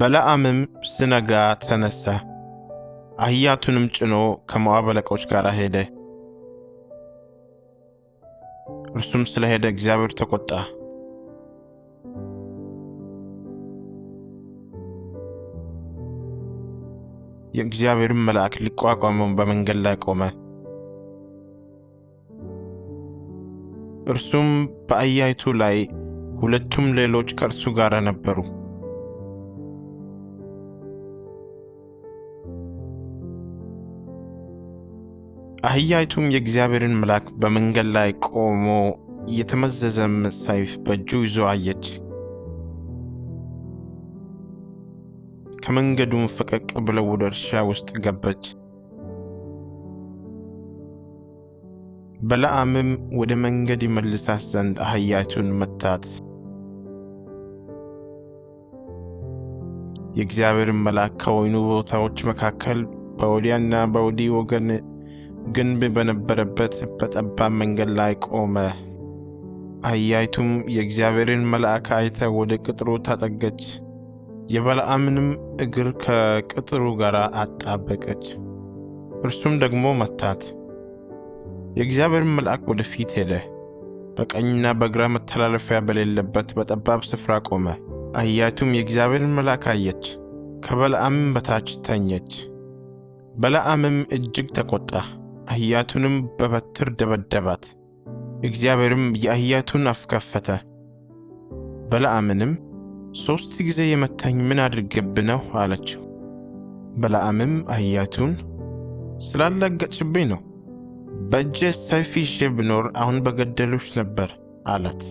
በለዓምም ስነጋ ተነሳ አህያቱንም ጭኖ ከሞዓብ አለቆች ጋር ሄደ። እርሱም ስለ ሄደ እግዚአብሔር ተቆጣ። የእግዚአብሔርን መልአክ ሊቋቋመው በመንገድ ላይ ቆመ። እርሱም በአህያይቱ ላይ፣ ሁለቱም ሌሎች ከእርሱ ጋር ነበሩ። አህያይቱም የእግዚአብሔርን መልአክ በመንገድ ላይ ቆሞ የተመዘዘም ሰይፍ በእጁ ይዞ አየች። ከመንገዱም ፈቀቅ ብለው ወደ እርሻ ውስጥ ገበች በለዓምም ወደ መንገድ ይመልሳት ዘንድ አህያይቱን መታት። የእግዚአብሔርን መልአክ ከወይኑ ቦታዎች መካከል በወዲያና በወዲህ ወገን ግንብ በነበረበት በጠባብ መንገድ ላይ ቆመ። አህያይቱም የእግዚአብሔርን መልአክ አይተ ወደ ቅጥሩ ታጠገች፣ የበለዓምንም እግር ከቅጥሩ ጋር አጣበቀች፣ እርሱም ደግሞ መታት። የእግዚአብሔርን መልአክ ወደፊት ሄደ፣ በቀኝና በግራ መተላለፊያ በሌለበት በጠባብ ስፍራ ቆመ። አህያይቱም የእግዚአብሔርን መልአክ አየች፣ ከበለዓምም በታች ተኘች። በለዓምም እጅግ ተቆጣ። አህያቱንም በበትር ደበደባት። እግዚአብሔርም የአህያቱን አፍ ከፈተ። በለዓምንም ሦስት ጊዜ የመታኝ ምን አድርገብ ነው አለችው። በለዓምም አህያቱን ስላላገጭብኝ ነው፣ በእጄ ሰይፍ ይዤ ብኖር አሁን በገደሉች ነበር አላት።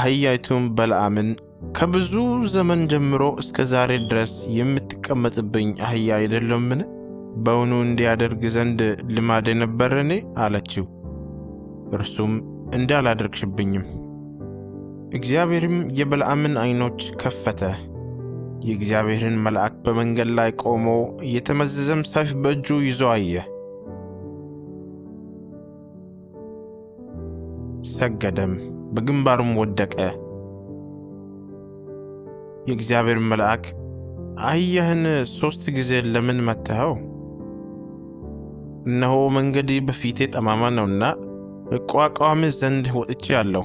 አህያይቱም በለዓምን ከብዙ ዘመን ጀምሮ እስከ ዛሬ ድረስ የምትቀመጥብኝ አህያ አይደለምን? በውኑ እንዲያደርግ ዘንድ ልማድ ነበረኔ? አለችው። እርሱም እንዳላደርግሽብኝም። እግዚአብሔርም የበለዓምን ዐይኖች ከፈተ። የእግዚአብሔርን መልአክ በመንገድ ላይ ቆሞ የተመዘዘም ሰይፍ በእጁ ይዞ አየ። ሰገደም፣ በግንባሩም ወደቀ። የእግዚአብሔር መልአክ አህያህን ሦስት ጊዜ ለምን መታኸው? እነሆ መንገድ በፊቴ ጠማማ ነውና እቋቋምህ ዘንድ ወጥቼ አለሁ።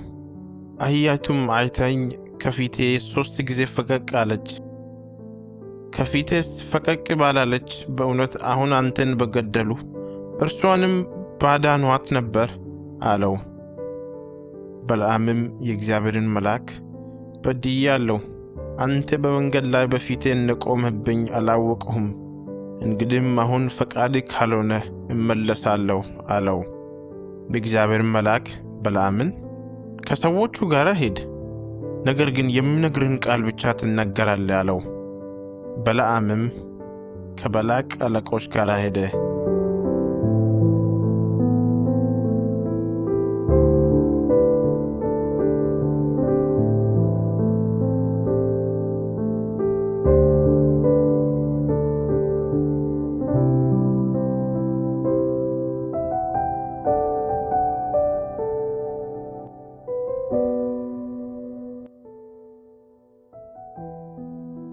አህያይቱም አይታኝ ከፊቴ ሦስት ጊዜ ፈቀቅ አለች። ከፊቴስ ፈቀቅ ባላለች በእውነት አሁን አንተን በገደሉ እርሷንም ባዳኗት ነበር አለው። በለዓምም የእግዚአብሔርን መልአክ በድያለሁ፣ አንተ በመንገድ ላይ በፊቴ እንደቆምህብኝ አላወቅሁም እንግዲህም አሁን ፈቃድ ካልሆነ እመለሳለሁ አለው። በእግዚአብሔር መልአክ በለዓምን ከሰዎቹ ጋር ሂድ፣ ነገር ግን የምነግርህን ቃል ብቻ ትናገራለህ አለው። በለዓምም ከበላቅ አለቆች ጋር ሄደ።